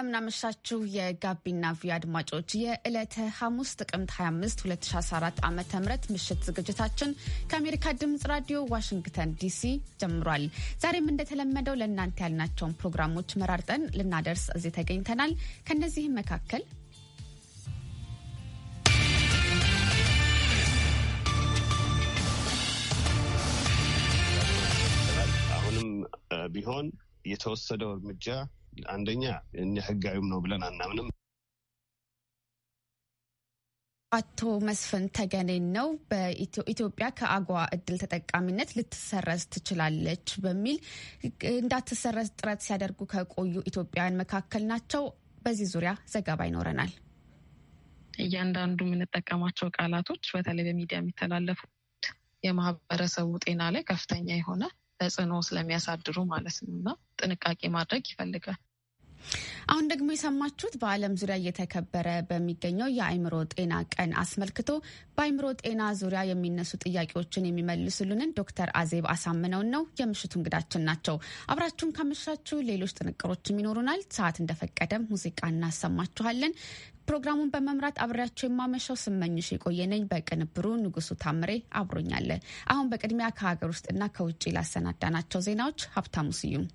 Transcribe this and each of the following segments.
እንደምናመሻችሁ የጋቢና ቪ አድማጮች የዕለተ ሐሙስ ጥቅምት 25 2014 ዓ ም ምሽት ዝግጅታችን ከአሜሪካ ድምፅ ራዲዮ ዋሽንግተን ዲሲ ጀምሯል። ዛሬም እንደተለመደው ለእናንተ ያልናቸውን ፕሮግራሞች መራርጠን ልናደርስ እዚህ ተገኝተናል። ከእነዚህም መካከል አሁንም ቢሆን የተወሰደው እርምጃ አንደኛ እኔ ህጋዊም ነው ብለን አናምንም። አቶ መስፍን ተገኔን ነው በኢትዮጵያ ከአጓ እድል ተጠቃሚነት ልትሰረዝ ትችላለች በሚል እንዳትሰረዝ ጥረት ሲያደርጉ ከቆዩ ኢትዮጵያውያን መካከል ናቸው። በዚህ ዙሪያ ዘገባ ይኖረናል። እያንዳንዱ የምንጠቀማቸው ቃላቶች በተለይ በሚዲያ የሚተላለፉ የማህበረሰቡ ጤና ላይ ከፍተኛ የሆነ ተጽዕኖ ስለሚያሳድሩ ማለት ነው እና ጥንቃቄ ማድረግ ይፈልጋል። አሁን ደግሞ የሰማችሁት በዓለም ዙሪያ እየተከበረ በሚገኘው የአእምሮ ጤና ቀን አስመልክቶ በአእምሮ ጤና ዙሪያ የሚነሱ ጥያቄዎችን የሚመልሱልንን ዶክተር አዜብ አሳምነውን ነው የምሽቱ እንግዳችን ናቸው። አብራችሁን ካመሻችሁ ሌሎች ጥንቅሮችም ይኖሩናል። ሰዓት እንደፈቀደ ሙዚቃ እናሰማችኋለን። ፕሮግራሙን በመምራት አብሬያቸው የማመሻው ስመኝሽ የቆየነኝ፣ በቅንብሩ ንጉሱ ታምሬ አብሮኛለ። አሁን በቅድሚያ ከሀገር ውስጥና ከውጭ ላሰናዳናቸው ዜናዎች ሀብታሙ ስዩም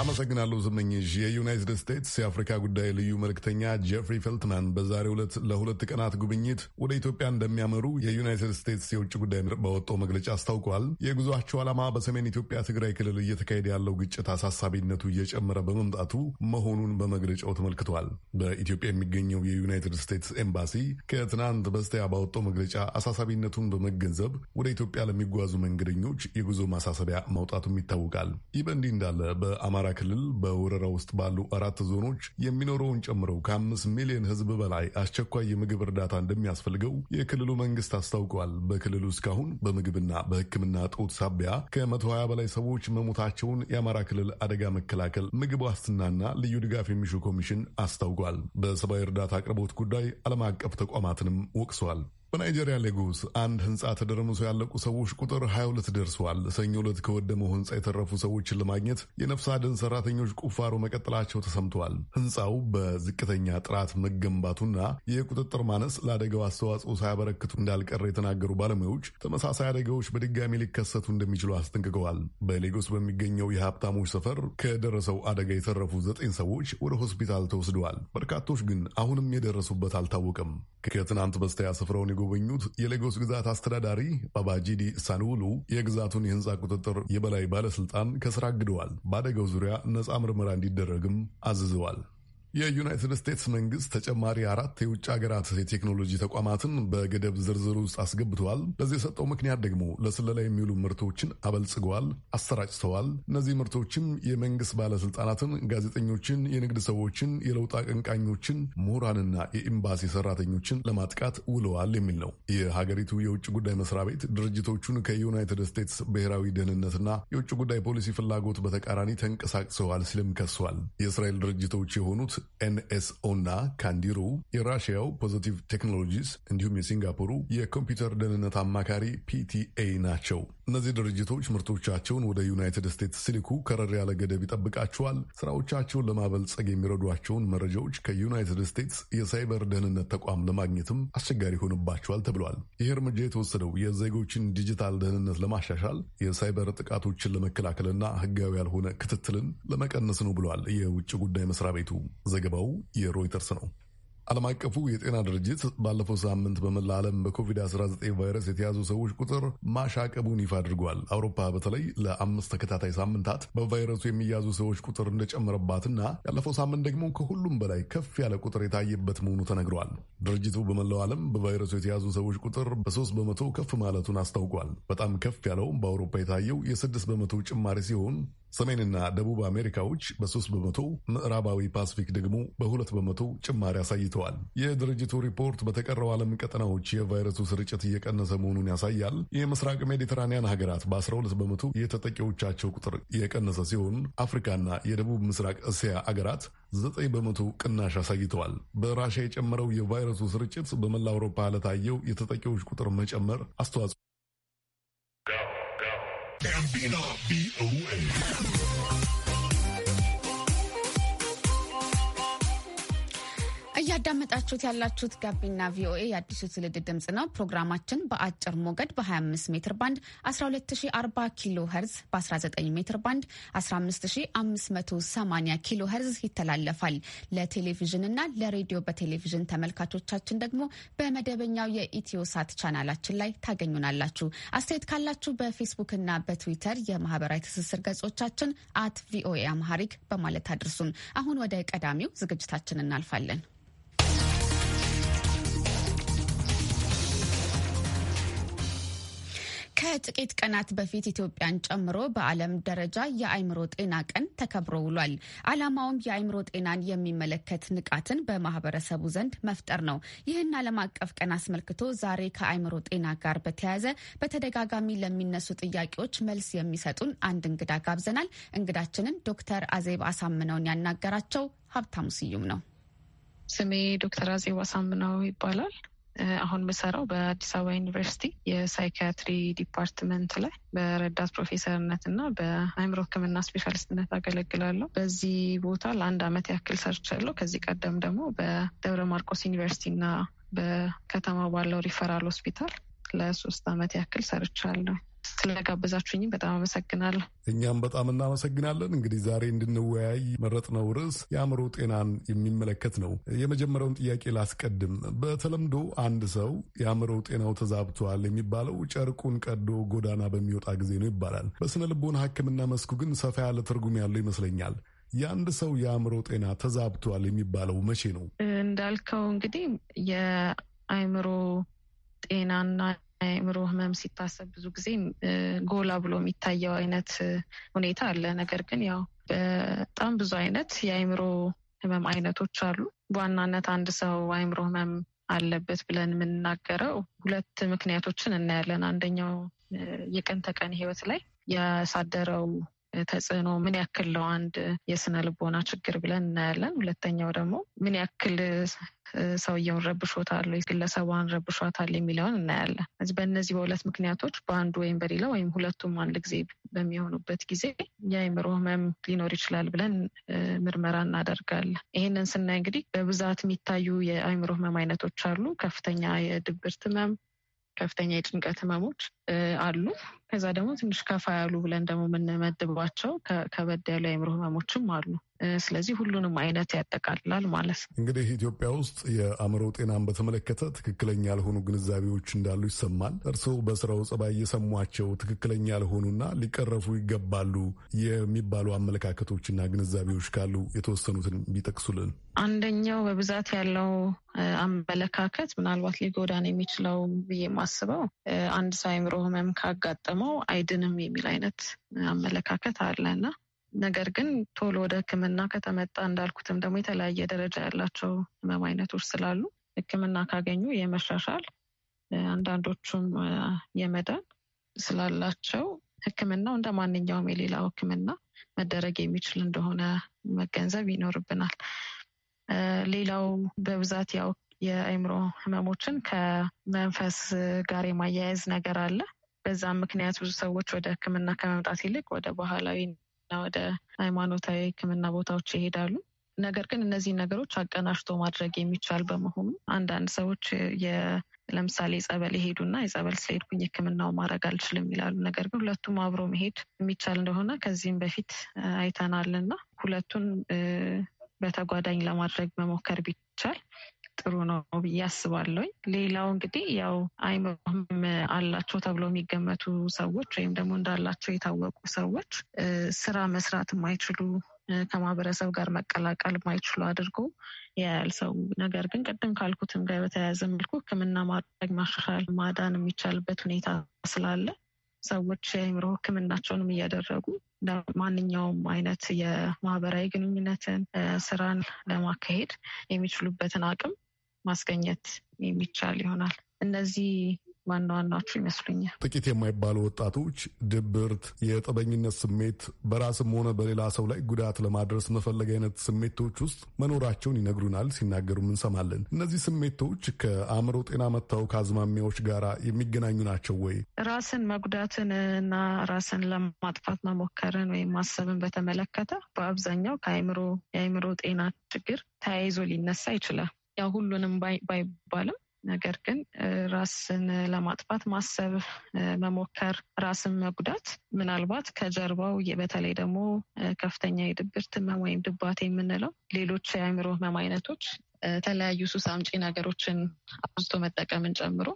አመሰግናለሁ ዝመኝሽ። የዩናይትድ ስቴትስ የአፍሪካ ጉዳይ ልዩ መልክተኛ ጀፍሪ ፌልትማን በዛሬው ዕለት ለሁለት ቀናት ጉብኝት ወደ ኢትዮጵያ እንደሚያመሩ የዩናይትድ ስቴትስ የውጭ ጉዳይ በወጣው መግለጫ አስታውቋል። የጉዟቸው ዓላማ በሰሜን ኢትዮጵያ ትግራይ ክልል እየተካሄደ ያለው ግጭት አሳሳቢነቱ እየጨመረ በመምጣቱ መሆኑን በመግለጫው ተመልክቷል። በኢትዮጵያ የሚገኘው የዩናይትድ ስቴትስ ኤምባሲ ከትናንት በስቲያ ባወጣው መግለጫ አሳሳቢነቱን በመገንዘብ ወደ ኢትዮጵያ ለሚጓዙ መንገደኞች የጉዞ ማሳሰቢያ ማውጣቱም ይታወቃል። ይህ በእንዲህ እንዳለ በአማራ በአማራ ክልል በወረራ ውስጥ ባሉ አራት ዞኖች የሚኖረውን ጨምሮ ከአምስት ሚሊዮን ሕዝብ በላይ አስቸኳይ የምግብ እርዳታ እንደሚያስፈልገው የክልሉ መንግስት አስታውቀዋል። በክልሉ እስካሁን በምግብና በሕክምና እጦት ሳቢያ ከመቶ 120 በላይ ሰዎች መሞታቸውን የአማራ ክልል አደጋ መከላከል ምግብ ዋስትናና ልዩ ድጋፍ የሚሹ ኮሚሽን አስታውቋል። በሰብአዊ እርዳታ አቅርቦት ጉዳይ ዓለም አቀፍ ተቋማትንም ወቅሰዋል። በናይጄሪያ ሌጎስ አንድ ህንፃ ተደርምሶ ያለቁ ሰዎች ቁጥር 22 ደርሰዋል። ሰኞ ዕለት ከወደመው ህንፃ የተረፉ ሰዎችን ለማግኘት የነፍስ አድን ሰራተኞች ቁፋሮ መቀጠላቸው ተሰምተዋል። ህንፃው በዝቅተኛ ጥራት መገንባቱና የቁጥጥር ማነስ ለአደጋው አስተዋጽኦ ሳያበረክቱ እንዳልቀረ የተናገሩ ባለሙያዎች ተመሳሳይ አደጋዎች በድጋሚ ሊከሰቱ እንደሚችሉ አስጠንቅቀዋል። በሌጎስ በሚገኘው የሀብታሞች ሰፈር ከደረሰው አደጋ የተረፉ ዘጠኝ ሰዎች ወደ ሆስፒታል ተወስደዋል። በርካቶች ግን አሁንም የደረሱበት አልታወቀም። ከትናንት በስቲያ ስፍራውን የጎበኙት የሌጎስ ግዛት አስተዳዳሪ ባባጂዲ ሳንውሉ የግዛቱን የህንፃ ቁጥጥር የበላይ ባለስልጣን ከስራ አግደዋል። በአደጋው ዙሪያ ነፃ ምርመራ እንዲደረግም አዝዘዋል። የዩናይትድ ስቴትስ መንግስት ተጨማሪ አራት የውጭ ሀገራት የቴክኖሎጂ ተቋማትን በገደብ ዝርዝር ውስጥ አስገብተዋል። ለዚህ የሰጠው ምክንያት ደግሞ ለስለላ የሚውሉ ምርቶችን አበልጽገዋል፣ አሰራጭተዋል። እነዚህ ምርቶችም የመንግስት ባለስልጣናትን፣ ጋዜጠኞችን፣ የንግድ ሰዎችን፣ የለውጥ አቀንቃኞችን፣ ምሁራንና የኤምባሲ ሰራተኞችን ለማጥቃት ውለዋል የሚል ነው። የሀገሪቱ የውጭ ጉዳይ መስሪያ ቤት ድርጅቶቹን ከዩናይትድ ስቴትስ ብሔራዊ ደህንነትና የውጭ ጉዳይ ፖሊሲ ፍላጎት በተቃራኒ ተንቀሳቅሰዋል ሲልም ከሷል። የእስራኤል ድርጅቶች የሆኑት ኤንኤስኦና ካንዲሩ የራሽያው ፖዘቲቭ ቴክኖሎጂስ እንዲሁም የሲንጋፖሩ የኮምፒውተር ደህንነት አማካሪ ፒቲኤ ናቸው። እነዚህ ድርጅቶች ምርቶቻቸውን ወደ ዩናይትድ ስቴትስ ሲልኩ ከረር ያለ ገደብ ይጠብቃቸዋል። ስራዎቻቸውን ለማበልጸግ የሚረዷቸውን መረጃዎች ከዩናይትድ ስቴትስ የሳይበር ደህንነት ተቋም ለማግኘትም አስቸጋሪ ይሆንባቸዋል ተብሏል። ይህ እርምጃ የተወሰደው የዜጎችን ዲጂታል ደህንነት ለማሻሻል፣ የሳይበር ጥቃቶችን ለመከላከልና ህጋዊ ያልሆነ ክትትልን ለመቀነስ ነው ብሏል የውጭ ጉዳይ መስሪያ ቤቱ። ዘገባው የሮይተርስ ነው። ዓለም አቀፉ የጤና ድርጅት ባለፈው ሳምንት በመላ ዓለም በኮቪድ-19 ቫይረስ የተያዙ ሰዎች ቁጥር ማሻቀቡን ይፋ አድርጓል። አውሮፓ በተለይ ለአምስት ተከታታይ ሳምንታት በቫይረሱ የሚያዙ ሰዎች ቁጥር እንደጨመረባትና ያለፈው ሳምንት ደግሞ ከሁሉም በላይ ከፍ ያለ ቁጥር የታየበት መሆኑ ተነግሯል። ድርጅቱ በመላው ዓለም በቫይረሱ የተያዙ ሰዎች ቁጥር በሶስት በመቶ ከፍ ማለቱን አስታውቋል። በጣም ከፍ ያለውም በአውሮፓ የታየው የስድስት በመቶ ጭማሪ ሲሆን ሰሜንና ደቡብ አሜሪካዎች በ3 በመቶ ምዕራባዊ ፓስፊክ ደግሞ በ2 በመቶ ጭማሪ አሳይተዋል። የድርጅቱ ሪፖርት በተቀረው ዓለም ቀጠናዎች የቫይረሱ ስርጭት እየቀነሰ መሆኑን ያሳያል። የምስራቅ ሜዲተራኒያን ሀገራት በ12 በመቶ የተጠቂዎቻቸው ቁጥር የቀነሰ ሲሆን አፍሪካና የደቡብ ምስራቅ እስያ አገራት 9 በመቶ ቅናሽ አሳይተዋል። በራሻ የጨመረው የቫይረሱ ስርጭት በመላ አውሮፓ ለታየው የተጠቂዎች ቁጥር መጨመር አስተዋጽኦ And be not be away. እያዳመጣችሁት ያላችሁት ጋቢና ቪኦኤ የአዲሱ ትውልድ ድምፅ ነው። ፕሮግራማችን በአጭር ሞገድ በ25 ሜትር ባንድ 12040 ኪሎ ሄርዝ፣ በ19 ሜትር ባንድ 15580 ኪሎ ሄርዝ ይተላለፋል። ለቴሌቪዥንና ለሬዲዮ በቴሌቪዥን ተመልካቾቻችን ደግሞ በመደበኛው የኢትዮ ሳት ቻናላችን ላይ ታገኙናላችሁ። አስተያየት ካላችሁ በፌስቡክና በትዊተር የማህበራዊ ትስስር ገጾቻችን አት ቪኦኤ አምሃሪክ በማለት አድርሱን። አሁን ወደ ቀዳሚው ዝግጅታችን እናልፋለን። ከጥቂት ቀናት በፊት ኢትዮጵያን ጨምሮ በዓለም ደረጃ የአእምሮ ጤና ቀን ተከብሮ ውሏል። ዓላማውም የአእምሮ ጤናን የሚመለከት ንቃትን በማህበረሰቡ ዘንድ መፍጠር ነው። ይህን ዓለም አቀፍ ቀን አስመልክቶ ዛሬ ከአእምሮ ጤና ጋር በተያያዘ በተደጋጋሚ ለሚነሱ ጥያቄዎች መልስ የሚሰጡን አንድ እንግዳ ጋብዘናል። እንግዳችንን ዶክተር አዜብ አሳምነውን ያናገራቸው ሀብታሙ ስዩም ነው። ስሜ ዶክተር አዜብ አሳምነው ይባላል። አሁን የምሰራው በአዲስ አበባ ዩኒቨርሲቲ የሳይኪያትሪ ዲፓርትመንት ላይ በረዳት ፕሮፌሰርነት እና በአእምሮ ሕክምና ስፔሻሊስትነት አገለግላለሁ። በዚህ ቦታ ለአንድ ዓመት ያክል ሰርቻለሁ። ከዚህ ቀደም ደግሞ በደብረ ማርቆስ እና በከተማ ባለው ሪፈራል ሆስፒታል ለሶስት ዓመት ያክል ሰርቻለሁ። ስለጋበዛችሁኝም በጣም አመሰግናለሁ። እኛም በጣም እናመሰግናለን። እንግዲህ ዛሬ እንድንወያይ መረጥነው ርዕስ የአእምሮ ጤናን የሚመለከት ነው። የመጀመሪያውን ጥያቄ ላስቀድም። በተለምዶ አንድ ሰው የአእምሮ ጤናው ተዛብቷል የሚባለው ጨርቁን ቀዶ ጎዳና በሚወጣ ጊዜ ነው ይባላል። በስነ ልቦና ሕክምና መስኩ ግን ሰፋ ያለ ትርጉም ያለው ይመስለኛል። የአንድ ሰው የአእምሮ ጤና ተዛብቷል የሚባለው መቼ ነው? እንዳልከው እንግዲህ የአእምሮ ጤናና የአእምሮ ህመም ሲታሰብ ብዙ ጊዜ ጎላ ብሎ የሚታየው አይነት ሁኔታ አለ። ነገር ግን ያው በጣም ብዙ አይነት የአእምሮ ህመም አይነቶች አሉ። በዋናነት አንድ ሰው አእምሮ ህመም አለበት ብለን የምንናገረው ሁለት ምክንያቶችን እናያለን። አንደኛው የቀን ተቀን ህይወት ላይ ያሳደረው ተጽዕኖ ምን ያክል ነው አንድ የስነ ልቦና ችግር ብለን እናያለን። ሁለተኛው ደግሞ ምን ያክል ሰውየውን ረብሾታል፣ ግለሰቧን ረብሿታል የሚለውን እናያለን። እዚህ በእነዚህ በሁለት ምክንያቶች በአንዱ ወይም በሌላ ወይም ሁለቱም አንድ ጊዜ በሚሆኑበት ጊዜ የአእምሮ ህመም ሊኖር ይችላል ብለን ምርመራ እናደርጋለን። ይህንን ስናይ እንግዲህ በብዛት የሚታዩ የአእምሮ ህመም አይነቶች አሉ። ከፍተኛ የድብርት ህመም፣ ከፍተኛ የጭንቀት ህመሞች አሉ። ከዛ ደግሞ ትንሽ ከፋ ያሉ ብለን ደግሞ የምንመድቧቸው ከበድ ያሉ የአእምሮ ህመሞችም አሉ። ስለዚህ ሁሉንም አይነት ያጠቃልላል ማለት ነው። እንግዲህ ኢትዮጵያ ውስጥ የአእምሮ ጤናን በተመለከተ ትክክለኛ ያልሆኑ ግንዛቤዎች እንዳሉ ይሰማል። እርስዎ በስራው ጸባይ እየሰሟቸው ትክክለኛ ያልሆኑና ሊቀረፉ ይገባሉ የሚባሉ አመለካከቶችና ግንዛቤዎች ካሉ የተወሰኑትን ቢጠቅሱልን። አንደኛው በብዛት ያለው አመለካከት ምናልባት ሊጎዳን የሚችለው ብዬ ማስበው አንድ ሰው አእምሮ ህመም ካጋጠመ ደግሞ አይድንም የሚል አይነት አመለካከት አለና ነገር ግን ቶሎ ወደ ሕክምና ከተመጣ እንዳልኩትም ደግሞ የተለያየ ደረጃ ያላቸው ህመም አይነቶች ስላሉ ሕክምና ካገኙ የመሻሻል አንዳንዶቹም የመዳን ስላላቸው ሕክምናው እንደ ማንኛውም የሌላው ሕክምና መደረግ የሚችል እንደሆነ መገንዘብ ይኖርብናል። ሌላው በብዛት ያው የአይምሮ ህመሞችን ከመንፈስ ጋር የማያያዝ ነገር አለ። በዛም ምክንያት ብዙ ሰዎች ወደ ሕክምና ከመምጣት ይልቅ ወደ ባህላዊ እና ወደ ሃይማኖታዊ ሕክምና ቦታዎች ይሄዳሉ። ነገር ግን እነዚህን ነገሮች አቀናሽቶ ማድረግ የሚቻል በመሆኑ አንዳንድ ሰዎች ለምሳሌ ጸበል ና የጸበል ስለሄድኩኝ ህክምናው ማድረግ አልችልም ይላሉ። ነገር ግን ሁለቱም አብሮ መሄድ የሚቻል እንደሆነ ከዚህም በፊት አይተናል እና ሁለቱን በተጓዳኝ ለማድረግ መሞከር ቢቻል ጥሩ ነው ብዬ አስባለሁኝ። ሌላው እንግዲህ ያው አይምሮ አላቸው ተብሎ የሚገመቱ ሰዎች ወይም ደግሞ እንዳላቸው የታወቁ ሰዎች ስራ መስራት የማይችሉ ከማህበረሰብ ጋር መቀላቀል ማይችሉ አድርጎ የያያል ሰው። ነገር ግን ቅድም ካልኩትም ጋር በተያያዘ መልኩ ሕክምና ማድረግ ማሻሻል፣ ማዳን የሚቻልበት ሁኔታ ስላለ ሰዎች የአእምሮ ሕክምናቸውንም እያደረጉ ማንኛውም አይነት የማህበራዊ ግንኙነትን ስራን ለማካሄድ የሚችሉበትን አቅም ማስገኘት የሚቻል ይሆናል። እነዚህ ዋና ዋናዎቹ ይመስሉኛል። ጥቂት የማይባሉ ወጣቶች ድብርት፣ የጠበኝነት ስሜት፣ በራስም ሆነ በሌላ ሰው ላይ ጉዳት ለማድረስ መፈለግ አይነት ስሜቶች ውስጥ መኖራቸውን ይነግሩናል፣ ሲናገሩም እንሰማለን። እነዚህ ስሜቶች ከአእምሮ ጤና መታወክ አዝማሚያዎች ጋር የሚገናኙ ናቸው ወይ? ራስን መጉዳትን እና ራስን ለማጥፋት መሞከርን ወይም ማሰብን በተመለከተ በአብዛኛው ከአእምሮ የአእምሮ ጤና ችግር ተያይዞ ሊነሳ ይችላል። ያው ሁሉንም ባይባልም ነገር ግን ራስን ለማጥፋት ማሰብ፣ መሞከር፣ ራስን መጉዳት ምናልባት ከጀርባው በተለይ ደግሞ ከፍተኛ የድብርት ህመም ወይም ድባት የምንለው ሌሎች የአእምሮ ህመም አይነቶች የተለያዩ ሱስ አምጪ ነገሮችን አብዝቶ መጠቀምን ጨምሮ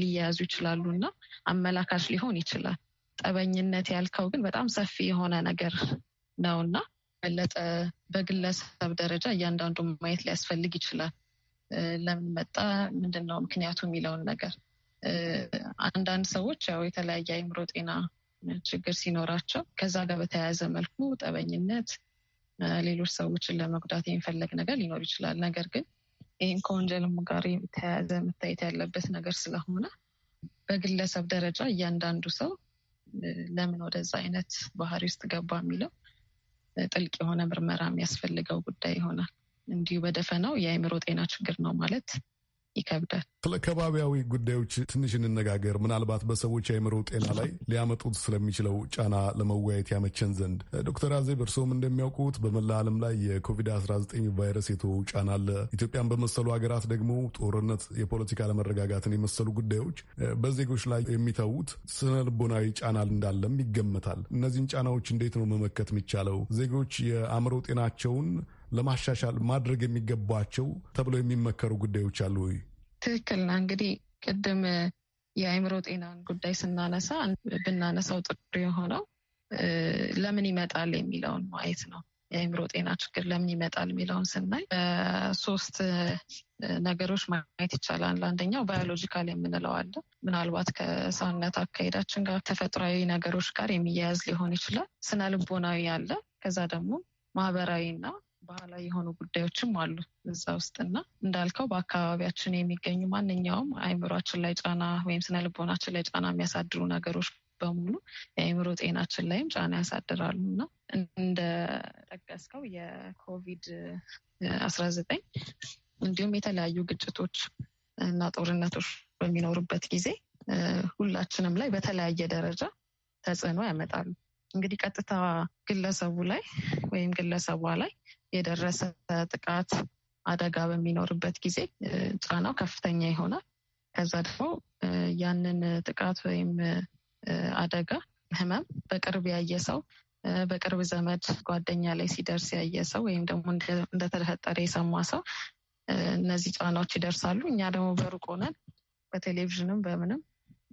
ሊያያዙ ይችላሉ እና አመላካች ሊሆን ይችላል። ጠበኝነት ያልከው ግን በጣም ሰፊ የሆነ ነገር ነው እና በለጠ በግለሰብ ደረጃ እያንዳንዱ ማየት ሊያስፈልግ ይችላል። ለምን መጣ፣ ምንድን ነው ምክንያቱ የሚለውን ነገር አንዳንድ ሰዎች ያው የተለያየ አይምሮ ጤና ችግር ሲኖራቸው ከዛ ጋር በተያያዘ መልኩ ጠበኝነት፣ ሌሎች ሰዎችን ለመጉዳት የሚፈለግ ነገር ሊኖር ይችላል። ነገር ግን ይህም ከወንጀልም ጋር የተያያዘ መታየት ያለበት ነገር ስለሆነ በግለሰብ ደረጃ እያንዳንዱ ሰው ለምን ወደዛ አይነት ባህሪ ውስጥ ገባ የሚለው ጥልቅ የሆነ ምርመራ የሚያስፈልገው ጉዳይ ይሆናል። እንዲሁ በደፈናው የአእምሮ ጤና ችግር ነው ማለት ይከብዳል። ስለ ከባቢያዊ ጉዳዮች ትንሽ እንነጋገር። ምናልባት በሰዎች የአእምሮ ጤና ላይ ሊያመጡት ስለሚችለው ጫና ለመወያየት ያመቸን ዘንድ ዶክተር አዜብ እርስዎም እንደሚያውቁት በመላ ዓለም ላይ የኮቪድ-19 ቫይረስ የተወው ጫና አለ። ኢትዮጵያን በመሰሉ ሀገራት ደግሞ ጦርነት፣ የፖለቲካ አለመረጋጋትን የመሰሉ ጉዳዮች በዜጎች ላይ የሚተዉት ስነ ልቦናዊ ጫና እንዳለም ይገመታል። እነዚህን ጫናዎች እንዴት ነው መመከት የሚቻለው? ዜጎች የአእምሮ ጤናቸውን ለማሻሻል ማድረግ የሚገባቸው ተብለው የሚመከሩ ጉዳዮች አሉ ወይ? ትክክል ና እንግዲህ ቅድም የአእምሮ ጤናን ጉዳይ ስናነሳ ብናነሳው ጥሩ የሆነው ለምን ይመጣል የሚለውን ማየት ነው። የአእምሮ ጤና ችግር ለምን ይመጣል የሚለውን ስናይ ሶስት ነገሮች ማየት ይቻላል። አንደኛው ባዮሎጂካል የምንለው አለ። ምናልባት ከሰውነት አካሄዳችን ጋር ተፈጥሯዊ ነገሮች ጋር የሚያያዝ ሊሆን ይችላል። ስነ ልቦናዊ አለ። ከዛ ደግሞ ማህበራዊ ባህላዊ የሆኑ ጉዳዮችም አሉ እዛ ውስጥ እንዳልከው በአካባቢያችን የሚገኙ ማንኛውም አይምሯችን ላይ ጫና ወይም ስነ ልቦናችን ላይ ጫና የሚያሳድሩ ነገሮች በሙሉ የአእምሮ ጤናችን ላይም ጫና ያሳድራሉ እና እንደጠቀስከው የኮቪድ አስራ ዘጠኝ እንዲሁም የተለያዩ ግጭቶች እና ጦርነቶች በሚኖሩበት ጊዜ ሁላችንም ላይ በተለያየ ደረጃ ተጽዕኖ ያመጣሉ። እንግዲህ ቀጥታ ግለሰቡ ላይ ወይም ግለሰቧ ላይ የደረሰ ጥቃት አደጋ በሚኖርበት ጊዜ ጫናው ከፍተኛ ይሆናል። ከዛ ደግሞ ያንን ጥቃት ወይም አደጋ ህመም በቅርብ ያየ ሰው በቅርብ ዘመድ ጓደኛ ላይ ሲደርስ ያየ ሰው ወይም ደግሞ እንደተፈጠረ የሰማ ሰው እነዚህ ጫናዎች ይደርሳሉ። እኛ ደግሞ በሩቅ ሆነን በቴሌቪዥንም በምንም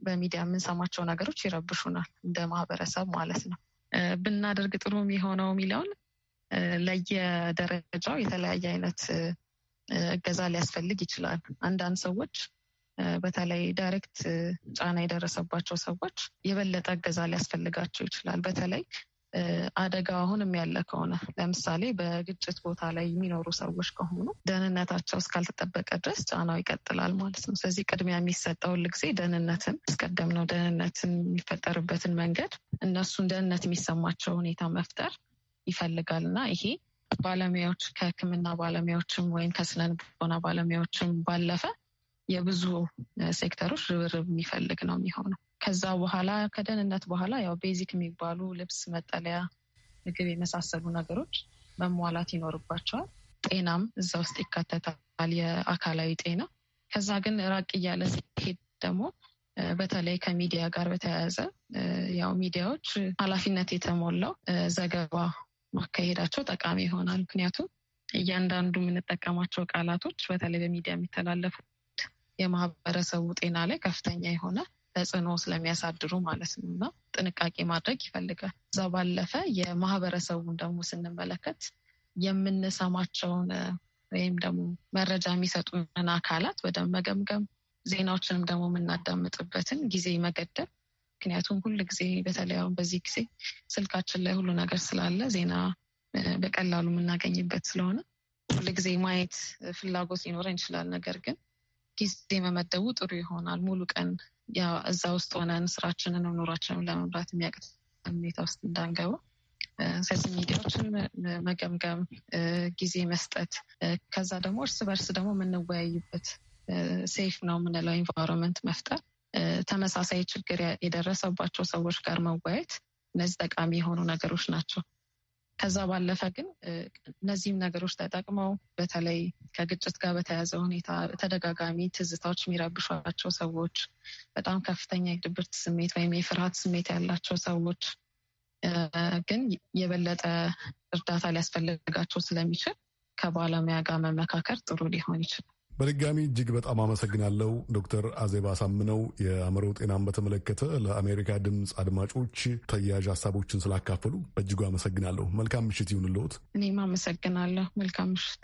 በሚዲያ የምንሰማቸው ነገሮች ይረብሹናል፣ እንደ ማህበረሰብ ማለት ነው። ብናደርግ ጥሩ የሚሆነው የሚለውን ለየደረጃው የተለያየ አይነት እገዛ ሊያስፈልግ ይችላል። አንዳንድ ሰዎች በተለይ ዳይሬክት ጫና የደረሰባቸው ሰዎች የበለጠ እገዛ ሊያስፈልጋቸው ይችላል። በተለይ አደጋ አሁንም ያለ ከሆነ ለምሳሌ በግጭት ቦታ ላይ የሚኖሩ ሰዎች ከሆኑ ደህንነታቸው እስካልተጠበቀ ድረስ ጫናው ይቀጥላል ማለት ነው። ስለዚህ ቅድሚያ የሚሰጠው ሁልጊዜ ደህንነትን አስቀደም ነው። ደህንነትን የሚፈጠርበትን መንገድ እነሱን ደህንነት የሚሰማቸው ሁኔታ መፍጠር ይፈልጋል እና ይሄ ባለሙያዎች ከህክምና ባለሙያዎችም ወይም ከስነ ልቦና ባለሙያዎችም ባለፈ የብዙ ሴክተሮች ርብርብ የሚፈልግ ነው የሚሆነው። ከዛ በኋላ ከደህንነት በኋላ ያው ቤዚክ የሚባሉ ልብስ፣ መጠለያ፣ ምግብ የመሳሰሉ ነገሮች መሟላት ይኖርባቸዋል። ጤናም እዛ ውስጥ ይካተታል፣ የአካላዊ ጤና። ከዛ ግን ራቅ እያለ ሲሄድ ደግሞ በተለይ ከሚዲያ ጋር በተያያዘ ያው ሚዲያዎች ኃላፊነት የተሞላው ዘገባ ማካሄዳቸው ጠቃሚ ይሆናል። ምክንያቱም እያንዳንዱ የምንጠቀማቸው ቃላቶች በተለይ በሚዲያ የሚተላለፉት የማህበረሰቡ ጤና ላይ ከፍተኛ የሆነ ተጽዕኖ ስለሚያሳድሩ ማለት ነው እና ጥንቃቄ ማድረግ ይፈልጋል። እዛ ባለፈ የማህበረሰቡን ደግሞ ስንመለከት የምንሰማቸውን ወይም ደግሞ መረጃ የሚሰጡንን አካላት ወደ መገምገም፣ ዜናዎችንም ደግሞ የምናዳምጥበትን ጊዜ መገደብ ምክንያቱም ሁል ጊዜ በተለይ አሁን በዚህ ጊዜ ስልካችን ላይ ሁሉ ነገር ስላለ ዜና በቀላሉ የምናገኝበት ስለሆነ ሁል ጊዜ ማየት ፍላጎት ሊኖረን ይችላል። ነገር ግን ጊዜ መመደቡ ጥሩ ይሆናል። ሙሉ ቀን እዛ ውስጥ ሆነን ስራችንን ኑሯችንን ለመምራት የሚያቅት ሁኔታ ውስጥ እንዳንገባ ስለዚህ ሚዲያዎችን መገምገም፣ ጊዜ መስጠት፣ ከዛ ደግሞ እርስ በርስ ደግሞ የምንወያይበት ሴፍ ነው የምንለው ኢንቫይሮንመንት መፍጠር ተመሳሳይ ችግር የደረሰባቸው ሰዎች ጋር መወያየት እነዚህ ጠቃሚ የሆኑ ነገሮች ናቸው። ከዛ ባለፈ ግን እነዚህም ነገሮች ተጠቅመው በተለይ ከግጭት ጋር በተያያዘ ሁኔታ ተደጋጋሚ ትዝታዎች የሚረብሿቸው ሰዎች፣ በጣም ከፍተኛ የድብርት ስሜት ወይም የፍርሃት ስሜት ያላቸው ሰዎች ግን የበለጠ እርዳታ ሊያስፈልጋቸው ስለሚችል ከባለሙያ ጋር መመካከር ጥሩ ሊሆን ይችላል። በድጋሚ እጅግ በጣም አመሰግናለሁ ዶክተር አዜብ አሳምነው የአእምሮ ጤናን በተመለከተ ለአሜሪካ ድምፅ አድማጮች ተያያዥ ሀሳቦችን ስላካፈሉ በእጅጉ አመሰግናለሁ። መልካም ምሽት ይሁንልዎት። እኔም አመሰግናለሁ። መልካም ምሽት።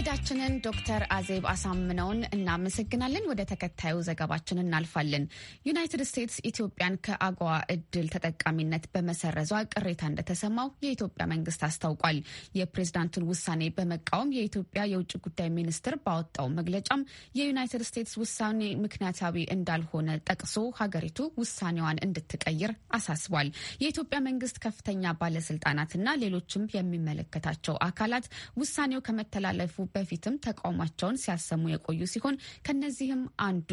እንግዳችንን ዶክተር አዜብ አሳምነውን እናመሰግናለን። ወደ ተከታዩ ዘገባችን እናልፋለን። ዩናይትድ ስቴትስ ኢትዮጵያን ከአጎዋ እድል ተጠቃሚነት በመሰረዟ ቅሬታ እንደተሰማው የኢትዮጵያ መንግስት አስታውቋል። የፕሬዝዳንቱን ውሳኔ በመቃወም የኢትዮጵያ የውጭ ጉዳይ ሚኒስትር ባወጣው መግለጫም የዩናይትድ ስቴትስ ውሳኔ ምክንያታዊ እንዳልሆነ ጠቅሶ ሀገሪቱ ውሳኔዋን እንድትቀይር አሳስቧል። የኢትዮጵያ መንግስት ከፍተኛ ባለስልጣናትና ሌሎችም የሚመለከታቸው አካላት ውሳኔው ከመተላለፉ በፊትም ተቃውሟቸውን ሲያሰሙ የቆዩ ሲሆን ከነዚህም አንዱ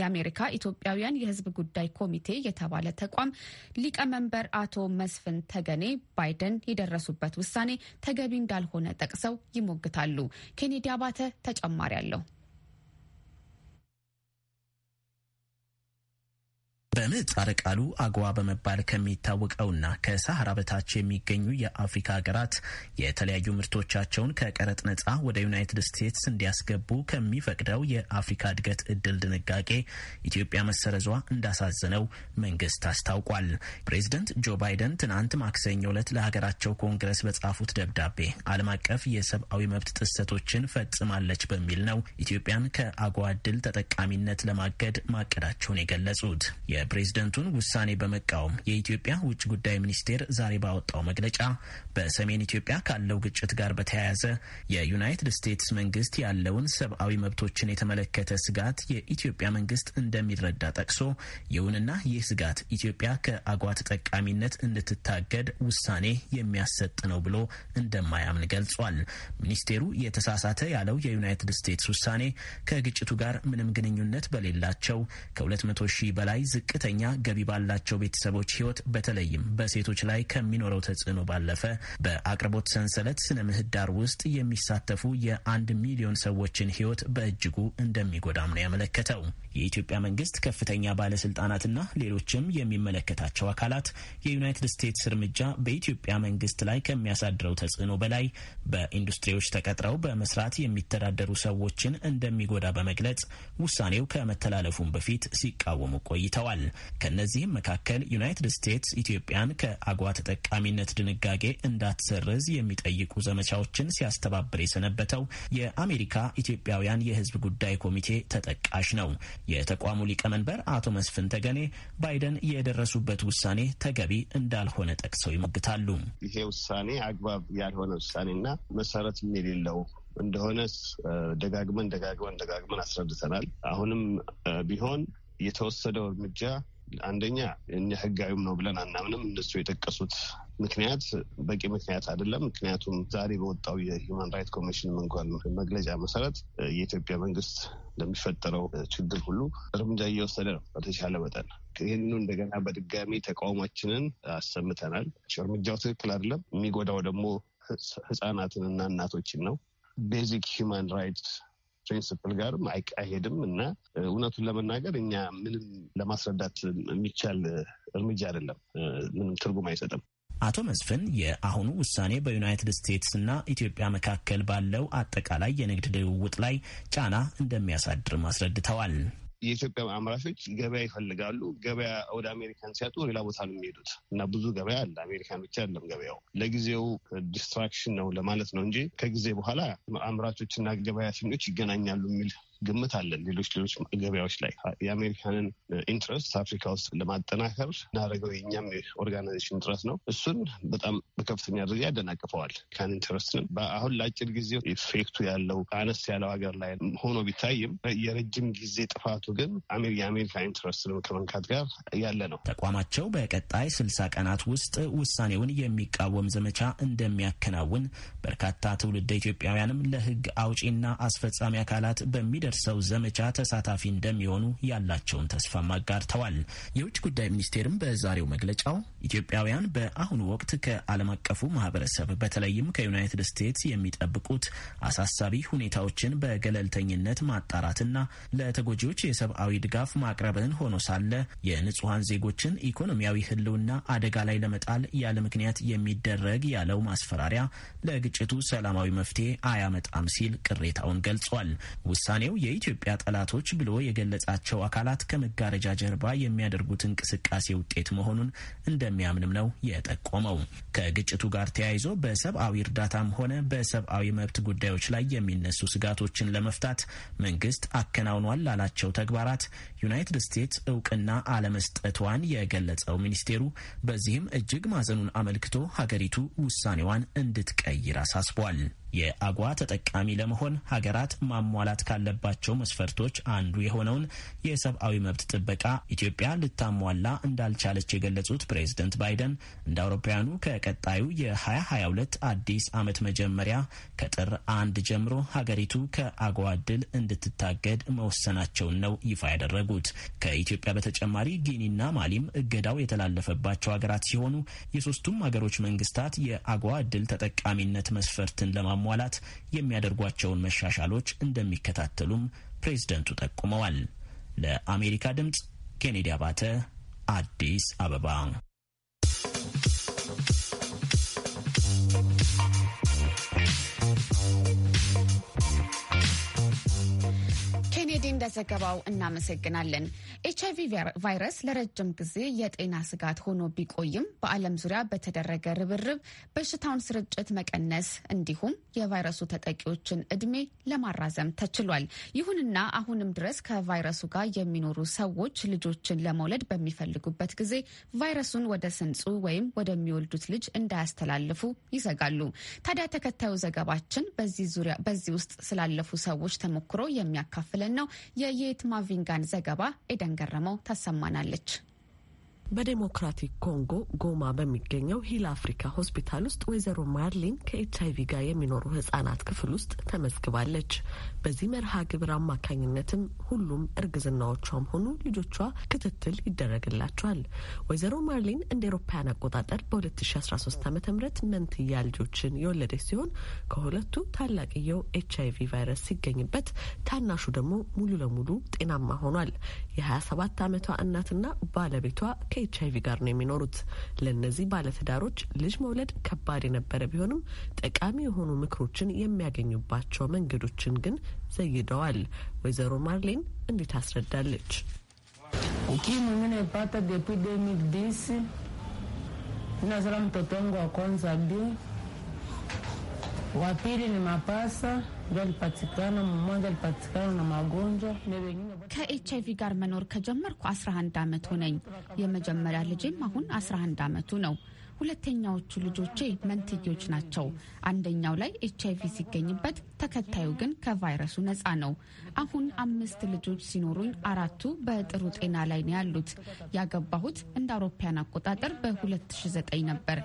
የአሜሪካ ኢትዮጵያውያን የሕዝብ ጉዳይ ኮሚቴ የተባለ ተቋም ሊቀመንበር አቶ መስፍን ተገኔ ባይደን የደረሱበት ውሳኔ ተገቢ እንዳልሆነ ጠቅሰው ይሞግታሉ። ኬኔዲ አባተ ተጨማሪ አለው። በምህጻረ ቃሉ አግዋ በመባል ከሚታወቀውና ከሳህራ በታች የሚገኙ የአፍሪካ ሀገራት የተለያዩ ምርቶቻቸውን ከቀረጥ ነጻ ወደ ዩናይትድ ስቴትስ እንዲያስገቡ ከሚፈቅደው የአፍሪካ እድገት እድል ድንጋጌ ኢትዮጵያ መሰረዟ እንዳሳዘነው መንግስት አስታውቋል። ፕሬዚደንት ጆ ባይደን ትናንት ማክሰኞ ዕለት ለሀገራቸው ኮንግረስ በጻፉት ደብዳቤ ዓለም አቀፍ የሰብአዊ መብት ጥሰቶችን ፈጽማለች በሚል ነው ኢትዮጵያን ከአግዋ እድል ተጠቃሚነት ለማገድ ማቀዳቸውን የገለጹት። የፕሬዝደንቱን ውሳኔ በመቃወም የኢትዮጵያ ውጭ ጉዳይ ሚኒስቴር ዛሬ ባወጣው መግለጫ በሰሜን ኢትዮጵያ ካለው ግጭት ጋር በተያያዘ የዩናይትድ ስቴትስ መንግስት ያለውን ሰብአዊ መብቶችን የተመለከተ ስጋት የኢትዮጵያ መንግስት እንደሚረዳ ጠቅሶ ይሁንና ይህ ስጋት ኢትዮጵያ ከአጓ ተጠቃሚነት እንድትታገድ ውሳኔ የሚያሰጥ ነው ብሎ እንደማያምን ገልጿል። ሚኒስቴሩ የተሳሳተ ያለው የዩናይትድ ስቴትስ ውሳኔ ከግጭቱ ጋር ምንም ግንኙነት በሌላቸው ከ200 ሺህ በላይ ዝቅ ዝቅተኛ ገቢ ባላቸው ቤተሰቦች ህይወት በተለይም በሴቶች ላይ ከሚኖረው ተጽዕኖ ባለፈ በአቅርቦት ሰንሰለት ስነ ምህዳር ውስጥ የሚሳተፉ የአንድ ሚሊዮን ሰዎችን ህይወት በእጅጉ እንደሚጎዳም ነው ያመለከተው። የኢትዮጵያ መንግስት ከፍተኛ ባለስልጣናትና ሌሎችም የሚመለከታቸው አካላት የዩናይትድ ስቴትስ እርምጃ በኢትዮጵያ መንግስት ላይ ከሚያሳድረው ተጽዕኖ በላይ በኢንዱስትሪዎች ተቀጥረው በመስራት የሚተዳደሩ ሰዎችን እንደሚጎዳ በመግለጽ ውሳኔው ከመተላለፉም በፊት ሲቃወሙ ቆይተዋል። ገልጸዋል። ከእነዚህም መካከል ዩናይትድ ስቴትስ ኢትዮጵያን ከአጓ ተጠቃሚነት ድንጋጌ እንዳትሰርዝ የሚጠይቁ ዘመቻዎችን ሲያስተባብር የሰነበተው የአሜሪካ ኢትዮጵያውያን የሕዝብ ጉዳይ ኮሚቴ ተጠቃሽ ነው። የተቋሙ ሊቀመንበር አቶ መስፍን ተገኔ ባይደን የደረሱበት ውሳኔ ተገቢ እንዳልሆነ ጠቅሰው ይሞግታሉ። ይሄ ውሳኔ አግባብ ያልሆነ ውሳኔና መሰረትም የሌለው እንደሆነ ደጋግመን ደጋግመን ደጋግመን አስረድተናል። አሁንም ቢሆን የተወሰደው እርምጃ አንደኛ እኛ ህጋዊም ነው ብለን አናምንም። እነሱ የጠቀሱት ምክንያት በቂ ምክንያት አይደለም። ምክንያቱም ዛሬ በወጣው የሂውማን ራይት ኮሚሽን መንጓል መግለጫ መሰረት የኢትዮጵያ መንግስት ለሚፈጠረው ችግር ሁሉ እርምጃ እየወሰደ ነው በተቻለ መጠን። ይህንኑ እንደገና በድጋሚ ተቃውሟችንን አሰምተናል። እርምጃው ትክክል አይደለም። የሚጎዳው ደግሞ ህጻናትንና እናቶችን ነው። ቤዚክ ሂውማን ራይትስ ፕሪንስፕል ጋርም አይሄድም እና እውነቱን ለመናገር እኛ ምንም ለማስረዳት የሚቻል እርምጃ አይደለም። ምንም ትርጉም አይሰጥም። አቶ መስፍን የአሁኑ ውሳኔ በዩናይትድ ስቴትስ እና ኢትዮጵያ መካከል ባለው አጠቃላይ የንግድ ልውውጥ ላይ ጫና እንደሚያሳድርም አስረድተዋል። የኢትዮጵያ አምራቾች ገበያ ይፈልጋሉ። ገበያ ወደ አሜሪካን ሲያጡ ሌላ ቦታ ነው የሚሄዱት እና ብዙ ገበያ አለ። አሜሪካን ብቻ አይደለም ገበያው። ለጊዜው ዲስትራክሽን ነው ለማለት ነው እንጂ ከጊዜ በኋላ አምራቾችና ገበያተኞች ይገናኛሉ የሚል ግምት አለን። ሌሎች ሌሎች ገበያዎች ላይ የአሜሪካንን ኢንትረስት አፍሪካ ውስጥ ለማጠናከር እናደርገው የኛም ኦርጋናይዜሽን ጥረት ነው። እሱን በጣም በከፍተኛ ደረጃ ያደናቅፈዋል። ካን ኢንትረስትንም አሁን ለአጭር ጊዜ ኢፌክቱ ያለው አነስ ያለው ሀገር ላይ ሆኖ ቢታይም የረጅም ጊዜ ጥፋቱ ግን የአሜሪካ ኢንትረስት ከመንካት ጋር ያለ ነው። ተቋማቸው በቀጣይ ስልሳ ቀናት ውስጥ ውሳኔውን የሚቃወም ዘመቻ እንደሚያከናውን በርካታ ትውልደ ኢትዮጵያውያንም ለህግ አውጪና አስፈጻሚ አካላት በሚደ በሚደርሰው ዘመቻ ተሳታፊ እንደሚሆኑ ያላቸውን ተስፋም አጋርተዋል። የውጭ ጉዳይ ሚኒስቴርም በዛሬው መግለጫው ኢትዮጵያውያን በአሁኑ ወቅት ከዓለም አቀፉ ማህበረሰብ በተለይም ከዩናይትድ ስቴትስ የሚጠብቁት አሳሳቢ ሁኔታዎችን በገለልተኝነት ማጣራትና ለተጎጂዎች የሰብአዊ ድጋፍ ማቅረብን ሆኖ ሳለ የንጹሐን ዜጎችን ኢኮኖሚያዊ ህልውና አደጋ ላይ ለመጣል ያለ ምክንያት የሚደረግ ያለው ማስፈራሪያ ለግጭቱ ሰላማዊ መፍትሄ አያመጣም ሲል ቅሬታውን ገልጿል። ውሳኔው የኢትዮጵያ ጠላቶች ብሎ የገለጻቸው አካላት ከመጋረጃ ጀርባ የሚያደርጉት እንቅስቃሴ ውጤት መሆኑን እንደሚያምንም ነው የጠቆመው። ከግጭቱ ጋር ተያይዞ በሰብአዊ እርዳታም ሆነ በሰብአዊ መብት ጉዳዮች ላይ የሚነሱ ስጋቶችን ለመፍታት መንግስት አከናውኗል ላላቸው ተግባራት ዩናይትድ ስቴትስ እውቅና አለመስጠቷን የገለጸው ሚኒስቴሩ በዚህም እጅግ ማዘኑን አመልክቶ ሀገሪቱ ውሳኔዋን እንድትቀይር አሳስቧል። የአጓ ተጠቃሚ ለመሆን ሀገራት ማሟላት ካለባቸው መስፈርቶች አንዱ የሆነውን የሰብአዊ መብት ጥበቃ ኢትዮጵያ ልታሟላ እንዳልቻለች የገለጹት ፕሬዝደንት ባይደን እንደ አውሮፓውያኑ ከቀጣዩ የ2022 አዲስ ዓመት መጀመሪያ ከጥር አንድ ጀምሮ ሀገሪቱ ከአጓ እድል እንድትታገድ መወሰናቸውን ነው ይፋ ያደረጉት። ከኢትዮጵያ በተጨማሪ ጊኒና ማሊም እገዳው የተላለፈባቸው ሀገራት ሲሆኑ የሶስቱም ሀገሮች መንግስታት የአጓ እድል ተጠቃሚነት መስፈርትን ለማ ለማሟላት የሚያደርጓቸውን መሻሻሎች እንደሚከታተሉም ፕሬዝደንቱ ጠቁመዋል። ለአሜሪካ ድምጽ ኬኔዲ አባተ አዲስ አበባ ለዘገባው እናመሰግናለን። ኤች አይቪ ቫይረስ ለረጅም ጊዜ የጤና ስጋት ሆኖ ቢቆይም በዓለም ዙሪያ በተደረገ ርብርብ በሽታውን ስርጭት መቀነስ እንዲሁም የቫይረሱ ተጠቂዎችን እድሜ ለማራዘም ተችሏል። ይሁንና አሁንም ድረስ ከቫይረሱ ጋር የሚኖሩ ሰዎች ልጆችን ለመውለድ በሚፈልጉበት ጊዜ ቫይረሱን ወደ ስንጹ ወይም ወደሚወልዱት ልጅ እንዳያስተላልፉ ይዘጋሉ ታዲያ ተከታዩ ዘገባችን በዚህ ውስጥ ስላለፉ ሰዎች ተሞክሮ የሚያካፍለን ነው። የየት ማቪንጋን ዘገባ ኤደን ገረመው ታሰማናለች። በዴሞክራቲክ ኮንጎ ጎማ በሚገኘው ሂል አፍሪካ ሆስፒታል ውስጥ ወይዘሮ ማርሊን ከኤች አይቪ ጋር የሚኖሩ ህጻናት ክፍል ውስጥ ተመዝግባለች። በዚህ መርሃ ግብር አማካኝነትም ሁሉም እርግዝናዎቿም ሆኑ ልጆቿ ክትትል ይደረግላቸዋል። ወይዘሮ ማርሊን እንደ ኤሮፓያን አቆጣጠር በ2013 ዓ ም መንትያ ልጆችን የወለደች ሲሆን ከሁለቱ ታላቅየው ኤች አይቪ ቫይረስ ሲገኝበት፣ ታናሹ ደግሞ ሙሉ ለሙሉ ጤናማ ሆኗል። የ27 ዓመቷ እናትና ባለቤቷ ከኤች አይቪ ጋር ነው የሚኖሩት። ለእነዚህ ባለትዳሮች ልጅ መውለድ ከባድ የነበረ ቢሆንም ጠቃሚ የሆኑ ምክሮችን የሚያገኙባቸው መንገዶችን ግን ዘይደዋል። ወይዘሮ ማርሌን እንዴት አስረዳለች። ዋፒሊ ni ከኤች አይቪ ጋር መኖር ከጀመርኩ 11 ዓመት ሆነኝ። የመጀመሪያ ልጄም አሁን 11 ዓመቱ ነው። ሁለተኛዎቹ ልጆቼ መንትዮች ናቸው። አንደኛው ላይ ኤች አይቪ ሲገኝበት፣ ተከታዩ ግን ከቫይረሱ ነጻ ነው። አሁን አምስት ልጆች ሲኖሩኝ አራቱ በጥሩ ጤና ላይ ነው ያሉት። ያገባሁት እንደ አውሮፓያን አቆጣጠር በ2009 ነበር።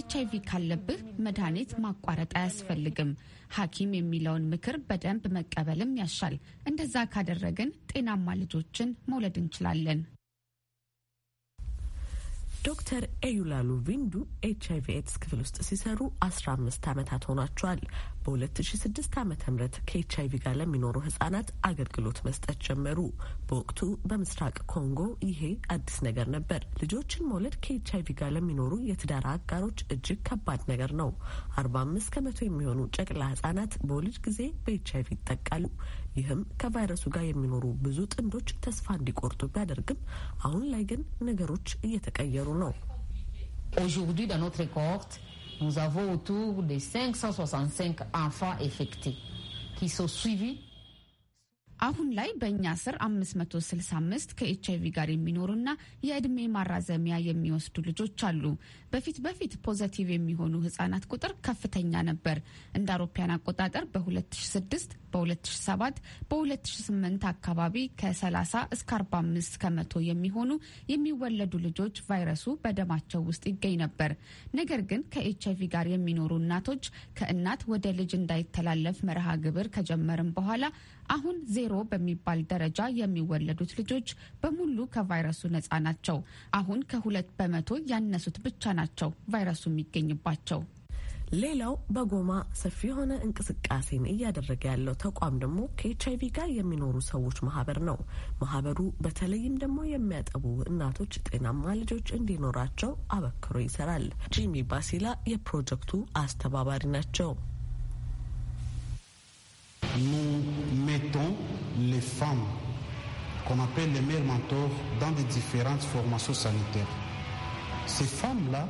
ኤች አይቪ ካለብህ መድኃኒት ማቋረጥ አያስፈልግም። ሐኪም የሚለውን ምክር በደንብ መቀበልም ያሻል። እንደዛ ካደረግን ጤናማ ልጆችን መውለድ እንችላለን። ዶክተር ኤዩላሉ ቪንዱ ኤች አይቪ ኤድስ ክፍል ውስጥ ሲሰሩ አስራ አምስት ዓመታት ሆኗቸዋል። በ2006 ዓ ም ከኤች አይቪ ጋር ለሚኖሩ ህጻናት አገልግሎት መስጠት ጀመሩ። በወቅቱ በምስራቅ ኮንጎ ይሄ አዲስ ነገር ነበር። ልጆችን መውለድ ከኤች አይቪ ጋር ለሚኖሩ የትዳር አጋሮች እጅግ ከባድ ነገር ነው። 45 ከመቶ የሚሆኑ ጨቅላ ህጻናት በወሊድ ጊዜ በኤች አይቪ ይጠቃሉ። ይህም ከቫይረሱ ጋር የሚኖሩ ብዙ ጥንዶች ተስፋ እንዲቆርጡ ቢያደርግም አሁን ላይ ግን ነገሮች እየተቀየሩ ነው። nous avons autour de 565 enfants effectés qui sont suivis አሁን ላይ በእኛ ስር 565 ከኤች አይቪ ጋር የሚኖሩና የእድሜ ማራዘሚያ የሚወስዱ ልጆች አሉ። በፊት በፊት ፖዘቲቭ የሚሆኑ ህጻናት ቁጥር ከፍተኛ ነበር። እንደ አውሮፓያን አቆጣጠር በ2006 በ2007 በ2008 አካባቢ ከ30 እስከ 45 ከመቶ የሚሆኑ የሚወለዱ ልጆች ቫይረሱ በደማቸው ውስጥ ይገኝ ነበር። ነገር ግን ከኤች አይቪ ጋር የሚኖሩ እናቶች ከእናት ወደ ልጅ እንዳይተላለፍ መርሃ ግብር ከጀመርም በኋላ አሁን ዜሮ በሚባል ደረጃ የሚወለዱት ልጆች በሙሉ ከቫይረሱ ነፃ ናቸው። አሁን ከሁለት በመቶ ያነሱት ብቻ ናቸው ቫይረሱ የሚገኝባቸው። ሌላው በጎማ ሰፊ የሆነ እንቅስቃሴን እያደረገ ያለው ተቋም ደግሞ ከኤች አይቪ ጋር የሚኖሩ ሰዎች ማህበር ነው። ማህበሩ በተለይም ደግሞ የሚያጠቡ እናቶች ጤናማ ልጆች እንዲኖራቸው አበክሮ ይሰራል። ጂሚ ባሲላ የፕሮጀክቱ አስተባባሪ ናቸው። nous mettons les femmes qu'on appelle les mères mentors dans des différentes formations sanitaires. Ces femmes-là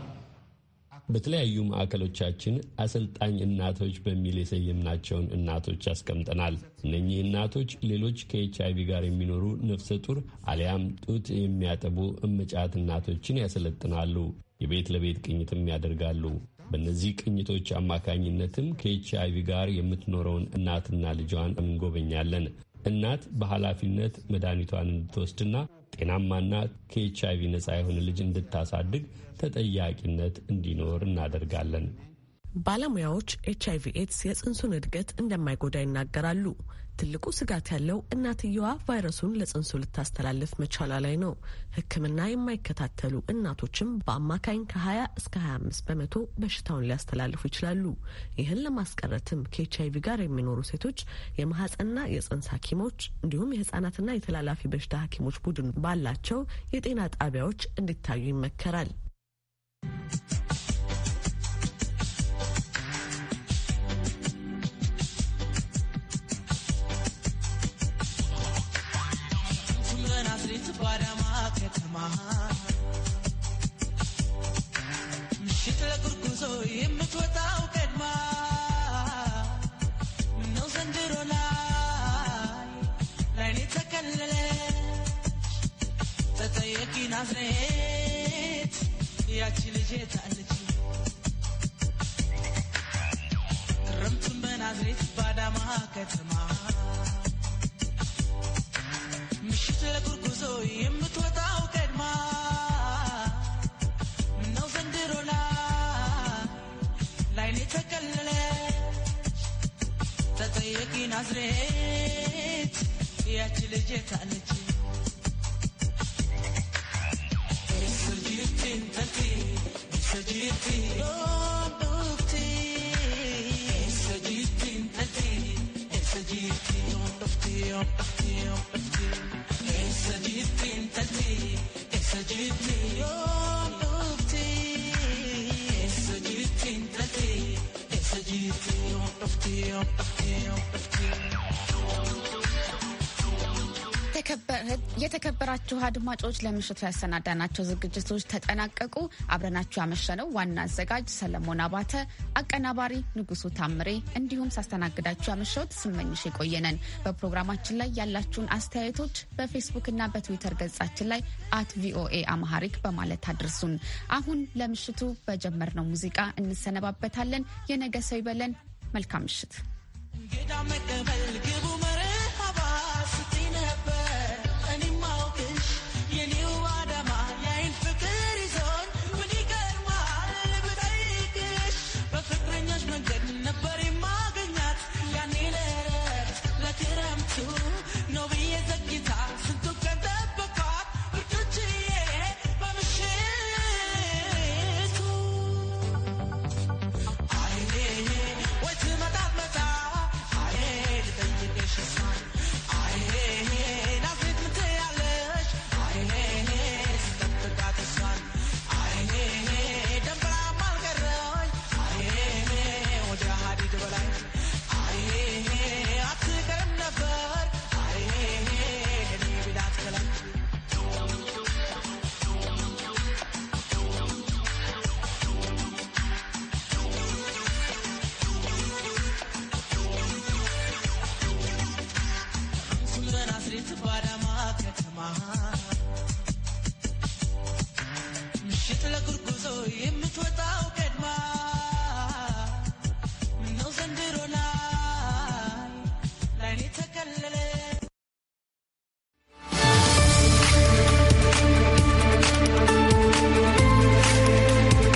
በተለያዩ ማዕከሎቻችን አሰልጣኝ እናቶች በሚል የሰየምናቸውን እናቶች አስቀምጠናል። እነኚህ እናቶች ሌሎች ከኤች አይቪ ጋር የሚኖሩ ነፍሰ ጡር አሊያም ጡት የሚያጠቡ እመጫት እናቶችን ያሰለጥናሉ። የቤት ለቤት ቅኝትም ያደርጋሉ። በእነዚህ ቅኝቶች አማካኝነትም ከኤች አይቪ ጋር የምትኖረውን እናትና ልጇን እንጎበኛለን። እናት በኃላፊነት መድኃኒቷን እንድትወስድና ጤናማና ከኤች አይቪ ነፃ የሆነ ልጅ እንድታሳድግ ተጠያቂነት እንዲኖር እናደርጋለን። ባለሙያዎች ኤች አይቪ ኤድስ የጽንሱን እድገት እንደማይጎዳ ይናገራሉ። ትልቁ ስጋት ያለው እናትየዋ ቫይረሱን ለጽንሱ ልታስተላልፍ መቻሏ ላይ ነው። ሕክምና የማይከታተሉ እናቶችም በአማካኝ ከ20 እስከ 25 በመቶ በሽታውን ሊያስተላልፉ ይችላሉ። ይህን ለማስቀረትም ከኤች አይቪ ጋር የሚኖሩ ሴቶች የማህፀንና የጽንስ ሐኪሞች እንዲሁም የህጻናትና የተላላፊ በሽታ ሐኪሞች ቡድን ባላቸው የጤና ጣቢያዎች እንዲታዩ ይመከራል። ከተማ ምሽት ለጉርጉዞ የምትወጣው ቀድማ ምነው ዘንድሮ ላይ ላይኔ ተከለለች ተጠየቂ ናዝሬት ያቺ ናዝሬት ያች ልጄ ታነች Thank you. የተከበራችሁ አድማጮች ለምሽቱ ያሰናዳናቸው ዝግጅቶች ተጠናቀቁ። አብረናችሁ ያመሸነው ዋና አዘጋጅ ሰለሞን አባተ፣ አቀናባሪ ንጉሱ ታምሬ፣ እንዲሁም ሳስተናግዳችሁ ያመሸሁት ስመኝሽ የቆየነን። በፕሮግራማችን ላይ ያላችሁን አስተያየቶች በፌስቡክ እና በትዊተር ገጻችን ላይ አት ቪኦኤ አማሃሪክ በማለት አድርሱን። አሁን ለምሽቱ በጀመርነው ሙዚቃ እንሰነባበታለን። የነገ ሰው ይበለን። መልካም ምሽት።